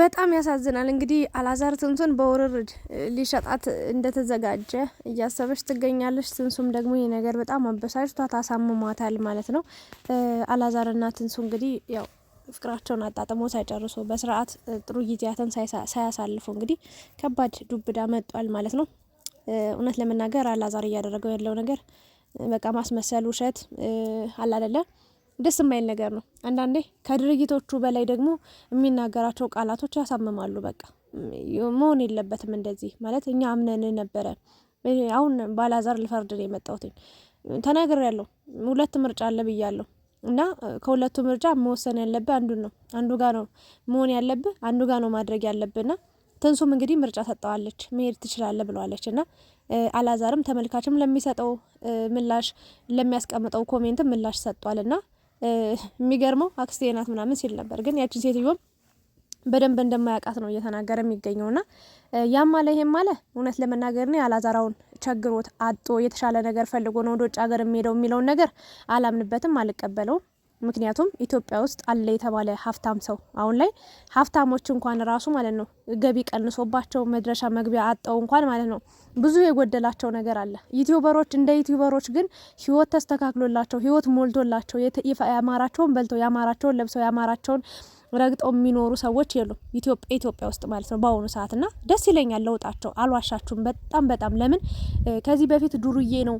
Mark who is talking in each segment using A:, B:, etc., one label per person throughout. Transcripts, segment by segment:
A: በጣም ያሳዝናል። እንግዲህ አላዛር ትንሱን በውርርድ ሊሸጣት እንደተዘጋጀ እያሰበች ትገኛለች። ትንሱም ደግሞ ይህ ነገር በጣም አበሳጭቷት አሳምሟታል ማለት ነው። አላዛርና ትንሱ እንግዲህ ያው ፍቅራቸውን አጣጥሞ ሳይጨርሱ በስርዓት ጥሩ ጊዜያትን ሳያሳልፉ እንግዲህ ከባድ ዱብዳ መጧል ማለት ነው። እውነት ለመናገር አላዛር እያደረገው ያለው ነገር በቃ ማስመሰል ውሸት አላደለም። ደስ የማይል ነገር ነው። አንዳንዴ ከድርጊቶቹ በላይ ደግሞ የሚናገራቸው ቃላቶች ያሳምማሉ። በቃ መሆን የለበትም እንደዚህ ማለት እኛ አምነን ነበረ። አሁን ባላዛር ልፈርድ ነው የመጣሁትኝ። ተናግሬ ሁለት ምርጫ አለ ብያለሁ። እና ከሁለቱ ምርጫ መወሰን ያለብህ አንዱ ነው። አንዱ ጋ ነው መሆን ያለብህ፣ አንዱ ጋ ነው ማድረግ ና ትንሱም እንግዲህ ምርጫ ሰጠዋለች። መሄድ ትችላለህ ብለዋለች እና አላዛርም ተመልካችም ለሚሰጠው ምላሽ ለሚያስቀምጠው ኮሜንትም ምላሽ ሰጥቷል እና የሚገርመው አክስቴ ናት ምናምን ሲል ነበር። ግን ያችን ሴትዮም በደንብ እንደማያውቃት ነው እየተናገረ የሚገኘው ና ያም አለ ይሄም አለ። እውነት ለመናገር ነው ያላዛራውን ቸግሮት አጦ የተሻለ ነገር ፈልጎ ነው ወደ ውጭ ሀገር የሚሄደው የሚለውን ነገር አላምንበትም፣ አልቀበለውም። ምክንያቱም ኢትዮጵያ ውስጥ አለ የተባለ ሀብታም ሰው አሁን ላይ ሀብታሞች እንኳን ራሱ ማለት ነው ገቢ ቀንሶባቸው መድረሻ መግቢያ አጠው እንኳን ማለት ነው ብዙ የጎደላቸው ነገር አለ። ዩቲዩበሮች እንደ ዩቲዩበሮች ግን ህይወት ተስተካክሎላቸው ህይወት ሞልቶላቸው ያማራቸውን በልተው ያማራቸውን ለብሰው ያማራቸውን ረግጠው የሚኖሩ ሰዎች የሉም። ኢትዮጵያ ውስጥ ማለት ነው በአሁኑ ሰዓት እና ደስ ይለኛል ለውጣቸው፣ አልዋሻችሁም። በጣም በጣም ለምን ከዚህ በፊት ዱርዬ ነው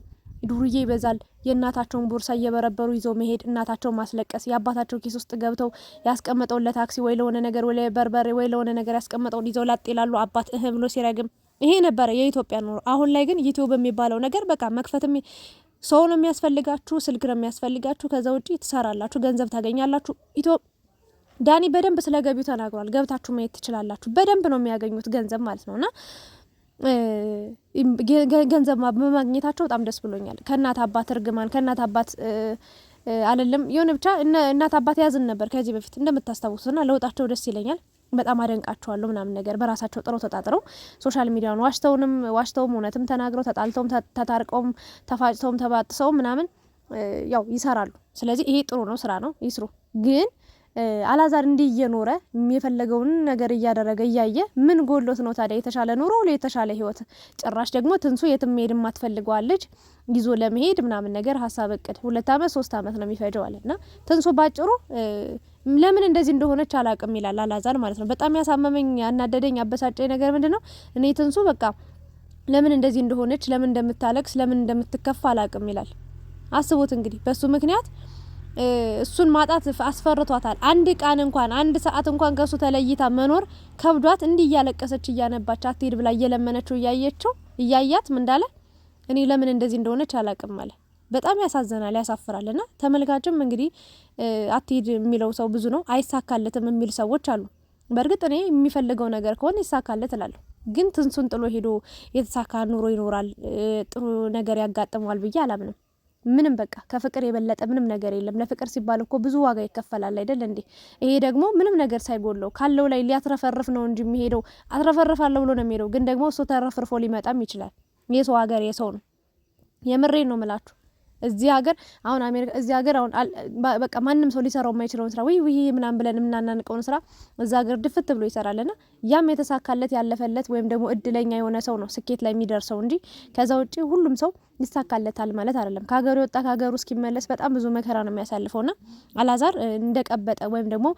A: ዱርዬ ይበዛል። የእናታቸውን ቦርሳ እየበረበሩ ይዘው መሄድ፣ እናታቸውን ማስለቀስ፣ የአባታቸው ኪስ ውስጥ ገብተው ያስቀመጠውን ለታክሲ ወይ ለሆነ ነገር ወይ ለበርበሬ ወይ ለሆነ ነገር ያስቀመጠውን ይዘው ላጤ አባት እህ ብሎ ሲረግም ይሄ ነበረ የኢትዮጵያ ኑሮ። አሁን ላይ ግን ዩቲዩብ የሚባለው ነገር በቃ መክፈትም ሰው ነው የሚያስፈልጋችሁ፣ ስልክ ነው የሚያስፈልጋችሁ። ከዛ ውጪ ትሰራላችሁ፣ ገንዘብ ታገኛላችሁ። ዳኒ በደንብ ስለ ገቢው ተናግሯል። ገብታችሁ ማየት ትችላላችሁ። በደንብ ነው የሚያገኙት ገንዘብ ማለት ነውና ገንዘብ በማግኘታቸው በጣም ደስ ብሎኛል። ከእናት አባት እርግማን ከእናት አባት አለለም የሆነ ብቻ እናት አባት ያዝን ነበር ከዚህ በፊት እንደምታስታውሱና ለውጣቸው ደስ ይለኛል። በጣም አደንቃቸዋለሁ ምናምን ነገር በራሳቸው ጥረው ተጣጥረው ሶሻል ሚዲያውን ዋሽተውንም ዋሽተውም እውነትም ተናግረው ተጣልተውም ተታርቀውም ተፋጭተውም ተባጥሰውም ምናምን ያው ይሰራሉ። ስለዚህ ይሄ ጥሩ ነው፣ ስራ ነው፣ ይስሩ ግን አላዛር እንዲህ እየኖረ የፈለገውን ነገር እያደረገ እያየ ምን ጎሎት ነው ታዲያ? የተሻለ ኑሮ የተሻለ ህይወት ጭራሽ ደግሞ ትንሱ የትም መሄድ የማትፈልገዋለች ይዞ ለመሄድ ምናምን ነገር ሀሳብ እቅድ ሁለት አመት ሶስት አመት ነው የሚፈጀው አለ እና ትንሱ ባጭሩ ለምን እንደዚህ እንደሆነች አላቅም ይላል አላዛር ማለት ነው። በጣም ያሳመመኝ ያናደደኝ አበሳጨኝ ነገር ምንድን ነው እኔ ትንሱ በቃ ለምን እንደዚህ እንደሆነች ለምን እንደምታለቅስ ለምን እንደምትከፋ አላቅም ይላል። አስቡት እንግዲህ በሱ ምክንያት እሱን ማጣት አስፈርቷታል። አንድ ቃን እንኳን አንድ ሰዓት እንኳን ከሱ ተለይታ መኖር ከብዷት እንዲህ እያለቀሰች እያነባች አትሄድ ብላ እየለመነችው እያየችው እያያት ምን እንዳለ እኔ ለምን እንደዚህ እንደሆነች አላቅም አለ። በጣም ያሳዝናል፣ ያሳፍራል። እና ተመልካችም እንግዲህ አትሄድ የሚለው ሰው ብዙ ነው። አይሳካለትም የሚል ሰዎች አሉ። በእርግጥ እኔ የሚፈልገው ነገር ከሆነ ይሳካለት እላለሁ። ግን ትንሱን ጥሎ ሄዶ የተሳካ ኑሮ ይኖራል ጥሩ ነገር ያጋጥመዋል ብዬ አላምንም። ምንም በቃ ከፍቅር የበለጠ ምንም ነገር የለም። ለፍቅር ሲባል እኮ ብዙ ዋጋ ይከፈላል አይደል እንዴ? ይሄ ደግሞ ምንም ነገር ሳይጎለው ካለው ላይ ሊያትረፈርፍ ነው እንጂ የሚሄደው አትረፈርፋለሁ ብሎ ነው የሚሄደው። ግን ደግሞ እሱ ተረፍርፎ ሊመጣም ይችላል። የሰው ሀገር የሰው ነው። የምሬን ነው ምላችሁ እዚህ ሀገር አሁን አሜሪካ እዚህ ሀገር አሁን በቃ ማንም ሰው ሊሰራው የማይችለውን ስራ ወይ ወይ ምናምን ብለን የምናናንቀውን ስራ እዛ ሀገር ድፍት ብሎ ይሰራልና ያም የተሳካለት ያለፈለት ወይም ደግሞ እድለኛ የሆነ ሰው ነው ስኬት ላይ የሚደርሰው እንጂ ከዛ ውጪ ሁሉም ሰው ይሳካለታል ማለት አይደለም። ከሀገሩ የወጣ ከሀገሩ እስኪመለስ በጣም ብዙ መከራ ነው የሚያሳልፈውና አላዛር እንደቀበጠ ወይም ደግሞ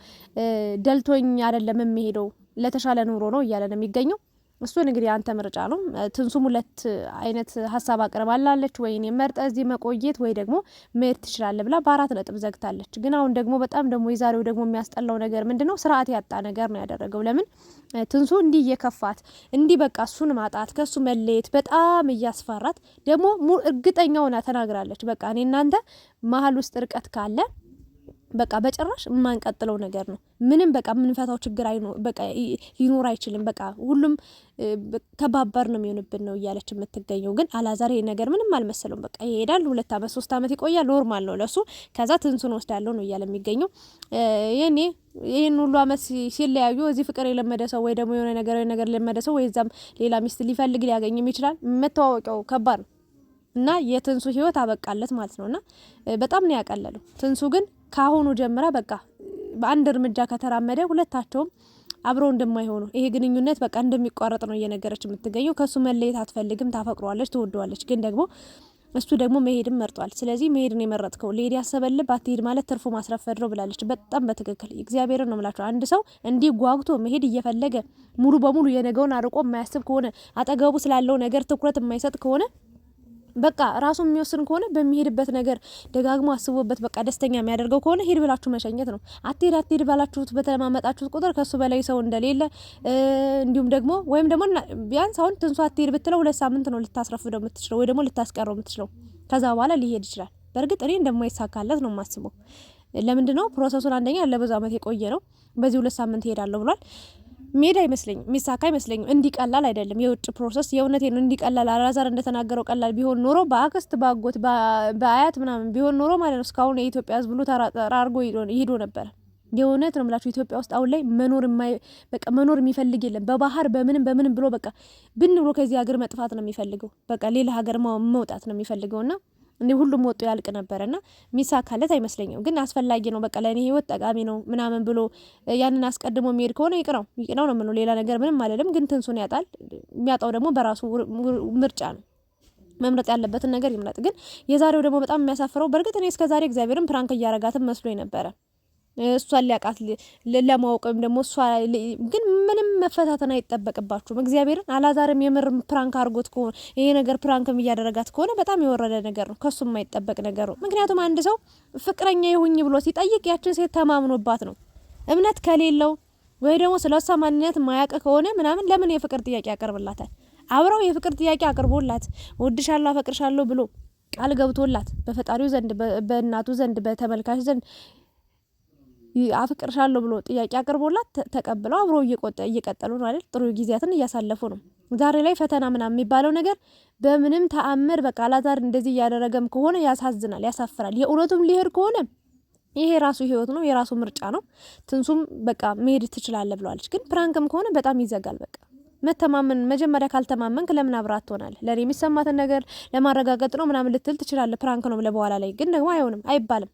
A: ደልቶኝ አይደለም የሚሄደው ለተሻለ ኑሮ ነው እያለ ነው የሚገኘው። እሱን እንግዲህ አንተ ምርጫ ነው። ትንሱም ሁለት አይነት ሀሳብ አቅርባላለች። ወይኔ መርጠ እዚህ መቆየት ወይ ደግሞ መሄድ ትችላለህ ብላ በአራት ነጥብ ዘግታለች። ግን አሁን ደግሞ በጣም ደግሞ የዛሬው ደግሞ የሚያስጠላው ነገር ምንድን ነው? ስርዓት ያጣ ነገር ነው ያደረገው። ለምን ትንሱ እንዲህ እየከፋት እንዲህ በቃ እሱን ማጣት ከሱ መለየት በጣም እያስፈራት ደግሞ እርግጠኛውና ተናግራለች። በቃ እኔ እናንተ መሀል ውስጥ እርቀት ካለ በቃ በጭራሽ የማንቀጥለው ነገር ነው። ምንም በቃ የምንፈታው ችግር በቃ ሊኖር አይችልም። በቃ ሁሉም ከባበር ነው የሚሆንብን ነው እያለች የምትገኘው ግን አላዛር ይሄ ነገር ምንም አልመሰለውም። በቃ ይሄዳል፣ ሁለት ዓመት ሶስት ዓመት ይቆያል። ኖርማል ነው ለሱ። ከዛ ትንሱን ያለው ነው እያለ የሚገኘው ይኔ ይህን ሁሉ አመት ሲለያዩ እዚህ ፍቅር የለመደ ሰው ወይ ደግሞ የሆነ ነገር ነገር የለመደ ሰው ወይ እዛም ሌላ ሚስት ሊፈልግ ሊያገኝም ይችላል። መተዋወቂያው ከባድ ነው እና የትንሱ ህይወት አበቃለት ማለት ነው እና በጣም ነው ያቀለለው ትንሱ ግን ከአሁኑ ጀምራ በቃ በአንድ እርምጃ ከተራመደ ሁለታቸውም አብረው እንደማይሆኑ ይሄ ግንኙነት በቃ እንደሚቋረጥ ነው እየነገረች የምትገኘው። ከእሱ መለየት አትፈልግም፣ ታፈቅሯለች፣ ትወደዋለች። ግን ደግሞ እሱ ደግሞ መሄድም መርጧል። ስለዚህ መሄድን የመረጥከው ሌዲ ያሰበልህ ባትሄድ ማለት ትርፉ ማስረፈድ ነው ብላለች። በጣም በትክክል እግዚአብሔርን ነው የምላቸው። አንድ ሰው እንዲህ ጓጉቶ መሄድ እየፈለገ ሙሉ በሙሉ የነገውን አርቆ የማያስብ ከሆነ አጠገቡ ስላለው ነገር ትኩረት የማይሰጥ ከሆነ በቃ ራሱ የሚወስን ከሆነ በሚሄድበት ነገር ደጋግሞ አስቦበት በቃ ደስተኛ የሚያደርገው ከሆነ ሄድ ብላችሁ መሸኘት ነው። አትሄድ አትሄድ ባላችሁት በተለማመጣችሁት ቁጥር ከሱ በላይ ሰው እንደሌለ እንዲሁም ደግሞ ወይም ደግሞ ቢያንስ አሁን ትንሱ አትሄድ ብትለው ሁለት ሳምንት ነው ልታስረፍደው የምትችለው ወይ ደግሞ ልታስቀረው የምትችለው። ከዛ በኋላ ሊሄድ ይችላል። በእርግጥ እኔ እንደማይሳካለት ነው የማስበው። ለምንድን ነው ፕሮሰሱን አንደኛ ለብዙ ዓመት የቆየ ነው። በዚህ ሁለት ሳምንት ይሄዳለሁ ብሏል። ሜድ አይመስለኝም፣ ሚሳካ አይመስለኝም። እንዲቀላል አይደለም የውጭ ፕሮሰስ የእውነቴ እንዲቀላል አላዛር እንደተናገረው ቀላል ቢሆን ኖሮ በአክስት በአጎት በአያት ምናምን ቢሆን ኖሮ ማለት ነው እስካሁን የኢትዮጵያ ሕዝብ ሁሉ ተራርጎ ይሄዶ ነበር። የእውነት ነው ምላቸው። ኢትዮጵያ ውስጥ አሁን ላይ መኖር በቃ መኖር የሚፈልግ የለም። በባህር በምንም በምንም ብሎ በቃ ብን ብሎ ከዚህ ሀገር መጥፋት ነው የሚፈልገው። በቃ ሌላ ሀገር መውጣት ነው የሚፈልገው እና እንዲህ ሁሉም ወጡ ያልቅ ነበረ እና ሚሳካለት አይመስለኝም። ግን አስፈላጊ ነው በቃ ለእኔ ህይወት ጠቃሚ ነው ምናምን ብሎ ያንን አስቀድሞ የሚሄድ ከሆነ ይቅናው ይቅናው ነው የምለው። ሌላ ነገር ምንም አልልም። ግን ትንሱን ያጣል። የሚያጣው ደግሞ በራሱ ምርጫ ነው። መምረጥ ያለበትን ነገር ይምረጥ። ግን የዛሬው ደግሞ በጣም የሚያሳፍረው በእርግጥ እኔ እስከዛሬ እግዚአብሔርን ፕራንክ እያረጋትም መስሎኝ ነበረ እሷን ሊያውቃት ለማወቅ ወይም ደግሞ እሷ ግን ምንም መፈታተን አይጠበቅባችሁም። እግዚአብሔርን አላዛርም የምር ፕራንክ አድርጎት ከሆነ ይሄ ነገር ፕራንክም እያደረጋት ከሆነ በጣም የወረደ ነገር ነው፣ ከሱ የማይጠበቅ ነገር ነው። ምክንያቱም አንድ ሰው ፍቅረኛ ይሁኝ ብሎ ሲጠይቅ ያችን ሴት ተማምኖባት ነው። እምነት ከሌለው ወይ ደግሞ ስለ እሷ ማንነት ማያውቅ ከሆነ ምናምን ለምን የፍቅር ጥያቄ ያቀርብላታል? አብረው የፍቅር ጥያቄ አቅርቦላት እወድሻለሁ፣ አፈቅርሻለሁ ብሎ ቃል ገብቶላት በፈጣሪው ዘንድ በእናቱ ዘንድ በተመልካች ዘንድ አፍቅርሻለሁ ብሎ ጥያቄ አቅርቦላት ተቀብለው አብሮ እየቀጠሉ ነው አይደል? ጥሩ ጊዜያትን እያሳለፉ ነው። ዛሬ ላይ ፈተና ምናምን የሚባለው ነገር በምንም ተአምር በቃ አላዛር እንደዚህ እያደረገም ከሆነ ያሳዝናል፣ ያሳፍራል። የእውነቱም ሊሄድ ከሆነ ይሄ የራሱ ህይወት ነው፣ የራሱ ምርጫ ነው። ትንሱም በቃ መሄድ ትችላለ ብለዋለች። ግን ፕራንክም ከሆነ በጣም ይዘጋል። በቃ መተማመን መጀመሪያ ካልተማመንክ ለምን አብራት ትሆናል? ለእኔ የሚሰማትን ነገር ለማረጋገጥ ነው ምናምን ልትል ትችላለ፣ ፕራንክ ነው ብለህ በኋላ ላይ ግን ደግሞ አይሆንም፣ አይባልም።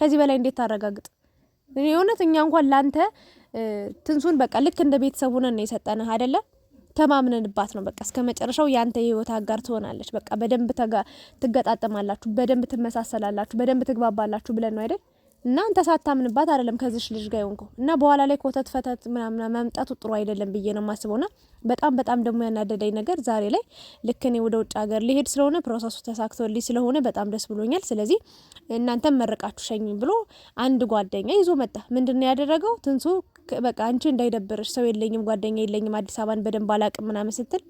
A: ከዚህ በላይ እንዴት ታረጋግጥ? የእውነት እኛ እንኳን ላንተ ትንሱን በቃ ልክ እንደ ቤተሰብ ሆነን ነው የሰጠንህ አይደለ? ተማምነንባት ነው በቃ እስከ መጨረሻው የአንተ የህይወት አጋር ትሆናለች። በቃ በደንብ ትገጣጠማላችሁ፣ በደንብ ትመሳሰላላችሁ፣ በደንብ ትግባባላችሁ ብለን ነው አይደል? እና አንተ ሳታምንባት አይደለም ከዚህ ልጅ ጋር ይሆንኩ እና በኋላ ላይ ኮተት ፈተት ምናምን መምጣቱ ጥሩ አይደለም ብዬ ነው የማስበውና በጣም በጣም ደግሞ ያናደደኝ ነገር ዛሬ ላይ ልክ እኔ ወደ ውጭ ሀገር ሊሄድ ስለሆነ ፕሮሰሱ ተሳክቶልኝ ስለሆነ በጣም ደስ ብሎኛል። ስለዚህ እናንተም መርቃችሁ ሸኙኝ ብሎ አንድ ጓደኛ ይዞ መጣ። ምንድነው ያደረገው? ትንሱ በቃ አንቺ እንዳይደብርሽ ሰው የለኝም ጓደኛ የለኝም አዲስ አበባን በደንብ አላቅም ምናምን ስትል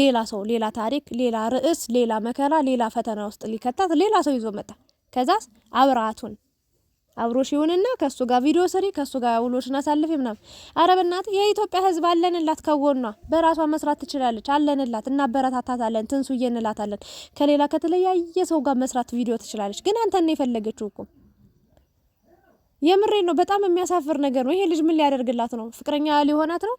A: ሌላ ሰው ሌላ ታሪክ ሌላ ርዕስ ሌላ መከራ ሌላ ፈተና ውስጥ ሊከታት ሌላ ሰው ይዞ መጣ። ከዛስ አብራቱን አብሮሽ ይሁንና ከሱ ጋር ቪዲዮ ስሪ፣ ከሱ ጋር ውሎሽን አሳልፊ ምናምን። አረ በእናትህ የኢትዮጵያ ሕዝብ አለንላት፣ ከጎኗ በራሷ መስራት ትችላለች፣ አለንላት፣ እናበረታታታለን፣ ትንሱዬ እንላታለን። ከሌላ ከተለያየ ሰው ጋር መስራት ቪዲዮ ትችላለች፣ ግን አንተን ነው የፈለገችው እኮ። የምሬ ነው። በጣም የሚያሳፍር ነገር ነው። ይሄ ልጅ ምን ሊያደርግላት ነው? ፍቅረኛ ሊሆናት ነው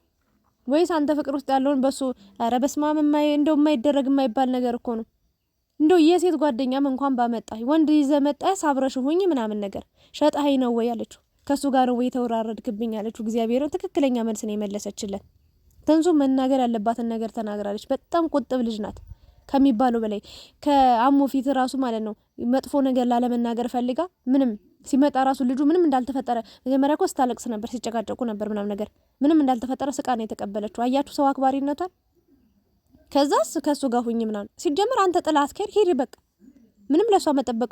A: ወይስ አንተ ፍቅር ውስጥ ያለውን በሱ? አረ በስማም እንደው የማይደረግ የማይባል ነገር እኮ ነው። እንደው የሴት ጓደኛም እንኳን ባመጣ ወንድ ይዘህ መጣህ ሳብረሽ ሁኝ ምናምን ነገር ሸጠኸኝ ነው ወይ አለችው። ከእሱ ጋር ነው ወይ የተወራረድክብኝ አለችው። እግዚአብሔርን ትክክለኛ መልስ ነው የመለሰችለን። ተንሱ መናገር ያለባትን ነገር ተናግራለች። በጣም ቁጥብ ልጅ ናት ከሚባለው በላይ ከአሞ ፊት ራሱ ማለት ነው መጥፎ ነገር ላለመናገር ፈልጋ ምንም ሲመጣ ራሱ ልጁ ምንም እንዳልተፈጠረ መጀመሪያ እኮ ስታለቅስ ነበር፣ ሲጨቃጨቁ ነበር ምናምን ነገር ምንም እንዳልተፈጠረ ስቃ ነው የተቀበለችው። አያችሁ ሰው አክባሪነቷን ከዛስ ከእሱ ጋር ሁኝ ምናምን። ሲጀምር አንተ ጥላት ከሄድ ሂድ በቃ። ምንም ለእሷ መጠበቅ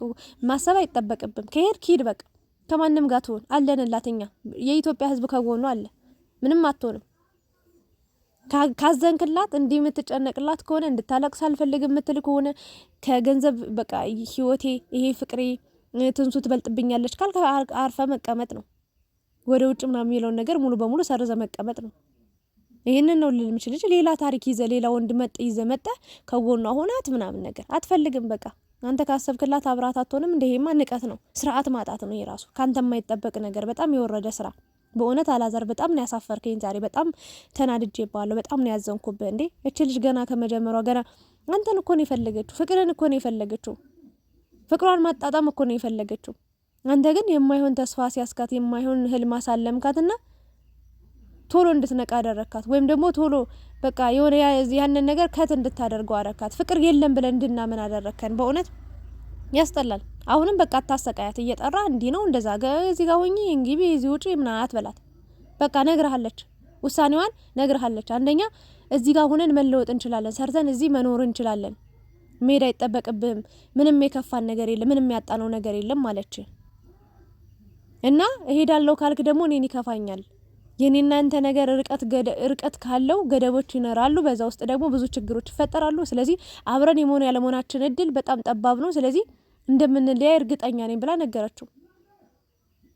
A: ማሰብ አይጠበቅብም። ከሄድ ሂድ በቃ። ከማንም ጋር ትሆን አለንላት እኛ። የኢትዮጵያ ህዝብ ከጎኑ አለ። ምንም አትሆንም። ካዘንክላት እንዲህ የምትጨነቅላት ከሆነ እንድታለቅስ አልፈልግ የምትል ከሆነ ከገንዘብ በቃ ህይወቴ ይሄ ፍቅሬ ትንሱ ትበልጥብኛለች ካልክ አርፈ መቀመጥ ነው። ወደ ውጭ ምናምን የሚለውን ነገር ሙሉ በሙሉ ሰርዘ መቀመጥ ነው። ይህንን ነው ልል የምችል እንጂ ሌላ ታሪክ ይዘ ሌላ ወንድ መጥ ይዘ መጠ ከጎኗ ሆናት ምናምን ነገር አትፈልግም። በቃ አንተ ካሰብክላት አብራት አትሆንም። እንደ ይሄማ ንቀት ነው፣ ስርዓት ማጣት ነው። የራሱ ከአንተ የማይጠበቅ ነገር፣ በጣም የወረደ ስራ። በእውነት አላዛር በጣም ነው ያሳፈርከኝ ዛሬ። በጣም ተናድጄ ተናድጄብሃለሁ። በጣም ነው ያዘንኩብህ። እንዴ እች ልጅ ገና ከመጀመሯ ገና አንተን እኮ ነው የፈለገችው፣ ፍቅርን እኮ ነው የፈለገችው፣ ፍቅሯን ማጣጣም እኮ ነው የፈለገችው። አንተ ግን የማይሆን ተስፋ ሲያስካት የማይሆን ህልም አሳለምካትና ቶሎ እንድትነቃ አደረካት፣ ወይም ደግሞ ቶሎ በቃ የሆነ ያንን ነገር ከት እንድታደርገው አረካት። ፍቅር የለም ብለን እንድናምን አደረከን። በእውነት ያስጠላል። አሁንም በቃ አታሰቃያት። እየጠራ እንዲህ ነው እንደዛ እዚህ ጋር ሆኚ እንግቢ እዚህ ውጪ ምናት በላት። በቃ ነግርሃለች፣ ውሳኔዋን ነግርሃለች። አንደኛ እዚህ ጋር ሆነን መለወጥ እንችላለን፣ ሰርተን እዚህ መኖር እንችላለን፣ መሄድ አይጠበቅብህም፣ ምንም የከፋን ነገር የለም፣ ምንም ያጣነው ነገር የለም አለች እና እሄዳለሁ ካልክ ደግሞ እኔን ይከፋኛል የኔ እናንተ ነገር ርቀት ርቀት ካለው ገደቦች ይኖራሉ። በዛ ውስጥ ደግሞ ብዙ ችግሮች ይፈጠራሉ። ስለዚህ አብረን የመሆን ያለመሆናችን እድል በጣም ጠባብ ነው። ስለዚህ እንደምንለያይ እርግጠኛ ነኝ ብላ ነገረችው።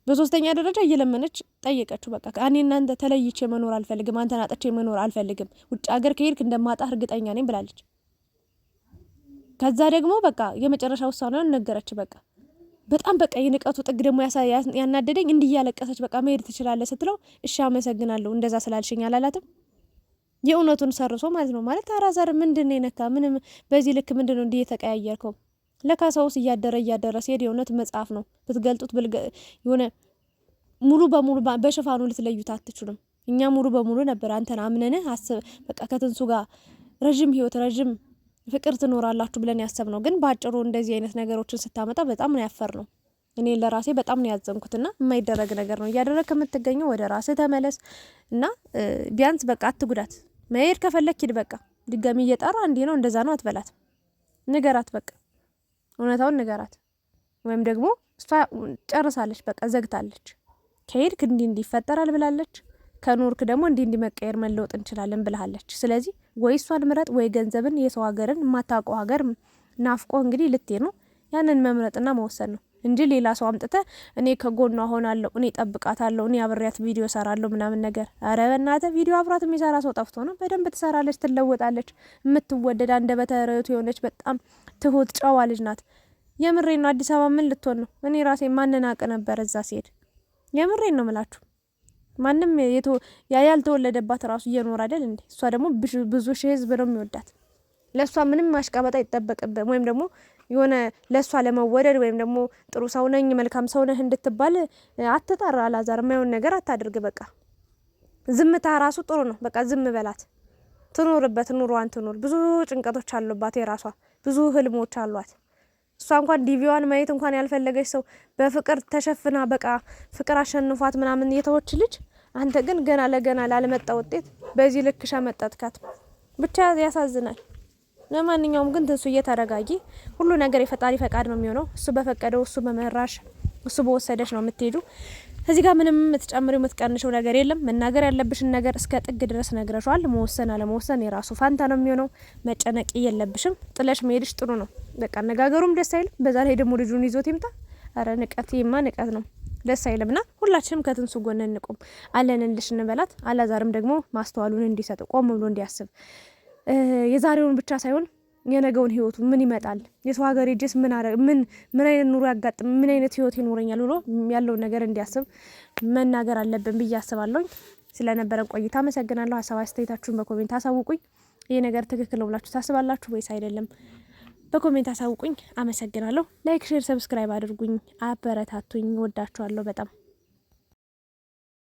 A: በሶስተኛ ደረጃ እየለመነች ጠየቀችው። በቃ እኔ እናንተ ተለይቼ መኖር አልፈልግም፣ አንተን አጥቼ መኖር አልፈልግም። ውጭ ሀገር ከሄድክ እንደማጣህ እርግጠኛ ነኝ ብላለች። ከዛ ደግሞ በቃ የመጨረሻ ውሳኔዋን ነገረች። በቃ በጣም በቃ የንቀቱ ጥግ ደግሞ ያናደደኝ እንዲህ እያለቀሰች በቃ መሄድ ትችላለህ ስትለው እሺ አመሰግናለሁ እንደዛ ስላልሽኝ አላላትም። የእውነቱን ሰርሶ ማለት ነው ማለት አራዛር ምንድን ነው የነካ ምንም በዚህ ልክ ምንድን ነው እንዲህ የተቀያየርከው? ለካ ሰውስ እያደረ እያደረ ሲሄድ የእውነት መጽሐፍ ነው ብትገልጡት የሆነ ሙሉ በሙሉ በሽፋኑ ልትለዩት አትችሉም። እኛ ሙሉ በሙሉ ነበር አንተን አምነንህ በቃ ከትንሱ ጋር ረዥም ህይወት ረዥም ፍቅር ትኖራላችሁ ብለን ያሰብ ነው። ግን በአጭሩ እንደዚህ አይነት ነገሮችን ስታመጣ በጣም ነው ያፈር ነው። እኔ ለራሴ በጣም ነው ያዘንኩትና የማይደረግ ነገር ነው እያደረግ ከምትገኘው ወደ ራስህ ተመለስ እና ቢያንስ በቃ አትጉዳት። መሄድ ከፈለክ ሂድ። በቃ ድጋሚ እየጠራ እንዲህ ነው እንደዛ ነው አትበላት። ንገራት፣ በቃ እውነታውን ንገራት። ወይም ደግሞ እሷ ጨርሳለች፣ በቃ ዘግታለች። ከሄድክ እንዲህ እንዲህ ይፈጠራል ብላለች፣ ከኖርክ ደግሞ እንዲህ እንዲህ መቀየር መለወጥ እንችላለን ብላለች። ስለዚህ ወይ እሷን ምረጥ ወይ ገንዘብን፣ የሰው ሀገርን፣ የማታውቀው ሀገር ናፍቆ እንግዲህ ልቴ ነው ያንን መምረጥና መወሰን ነው እንጂ ሌላ ሰው አምጥተ እኔ ከጎኗ ሆናለሁ፣ እኔ ጠብቃታለሁ፣ እኔ አብሬያት ቪዲዮ ሰራለሁ ምናምን ነገር። አረ በእናተ ቪዲዮ አብሯት የሚሰራ ሰው ጠፍቶ ነው። በደንብ ትሰራለች፣ ትለወጣለች። የምትወደድ አንደበተ ርቱዕ የሆነች በጣም ትሁት ጨዋ ልጅ ናት። የምሬ ነው። አዲስ አበባ ምን ልትሆን ነው? እኔ ራሴ ማንን አቅ ነበር እዛ ሲሄድ። የምሬን ነው ምላችሁ ማንም ያ ያልተወለደባት ራሱ እየኖረ አይደል እንዴ? እሷ ደግሞ ብዙ ሺህ ህዝብ ነው የሚወዳት። ለእሷ ምንም ማሽቀበጣ አይጠበቅብም። ወይም ደግሞ የሆነ ለእሷ ለመወደድ ወይም ደግሞ ጥሩ ሰው ነኝ መልካም ሰው ነህ እንድትባል አትጣር። አላዛር የማይሆን ነገር አታድርግ። በቃ ዝምታ ራሱ ጥሩ ነው። በቃ ዝም በላት፣ ትኖርበት ኑሯን ትኑር። ብዙ ጭንቀቶች አሉባት የራሷ ብዙ ህልሞች አሏት። እሷ እንኳን ዲቪዋን ማየት እንኳን ያልፈለገች ሰው በፍቅር ተሸፍና በቃ ፍቅር አሸንፏት ምናምን የተወች ልጅ፣ አንተ ግን ገና ለገና ላለመጣ ውጤት በዚህ ልክሻ መጣትካት ብቻ ያሳዝናል። ለማንኛውም ግን ትንሱዬ ተረጋጊ። ሁሉ ነገር የፈጣሪ ፈቃድ ነው የሚሆነው። እሱ በፈቀደው እሱ በመራሽ እሱ በወሰደች ነው የምትሄዱ። እዚህ ጋር ምንም የምትጨምሪው የምትቀንሸው ነገር የለም። መናገር ያለብሽን ነገር እስከ ጥግ ድረስ ነግረሸዋል። መወሰን አለመወሰን የራሱ ፋንታ ነው የሚሆነው። መጨነቅ የለብሽም። ጥለሽ መሄድሽ ጥሩ ነው። በቃ አነጋገሩም ደስ አይልም። በዛ ላይ ደግሞ ልጁን ይዞት ይምጣ። ኧረ ንቀት ይማ ንቀት ነው ደስ አይልም። ና ሁላችንም ከትንሱ ጎን እንቁም። አለን እንልሽ እንበላት። አላዛርም ደግሞ ማስተዋሉን እንዲሰጥ ቆም ብሎ እንዲያስብ የዛሬውን ብቻ ሳይሆን የነገውን ህይወቱ ምን ይመጣል፣ የሰው ሀገር ሄጄስ ምን ምን ምን አይነት ኑሮ ያጋጥም፣ ምን አይነት ህይወት ይኖረኛል ብሎ ያለውን ነገር እንዲያስብ መናገር አለብን ብዬ አስባለሁኝ። ስለነበረን ቆይታ አመሰግናለሁ። ሀሳብ አስተያየታችሁን በኮሜንት አሳውቁኝ። ይህ ነገር ትክክል ነው ብላችሁ ታስባላችሁ ወይስ አይደለም? በኮሜንት አሳውቁኝ። አመሰግናለሁ። ላይክ፣ ሼር፣ ሰብስክራይብ አድርጉኝ፣ አበረታቱኝ። ወዳችኋለሁ በጣም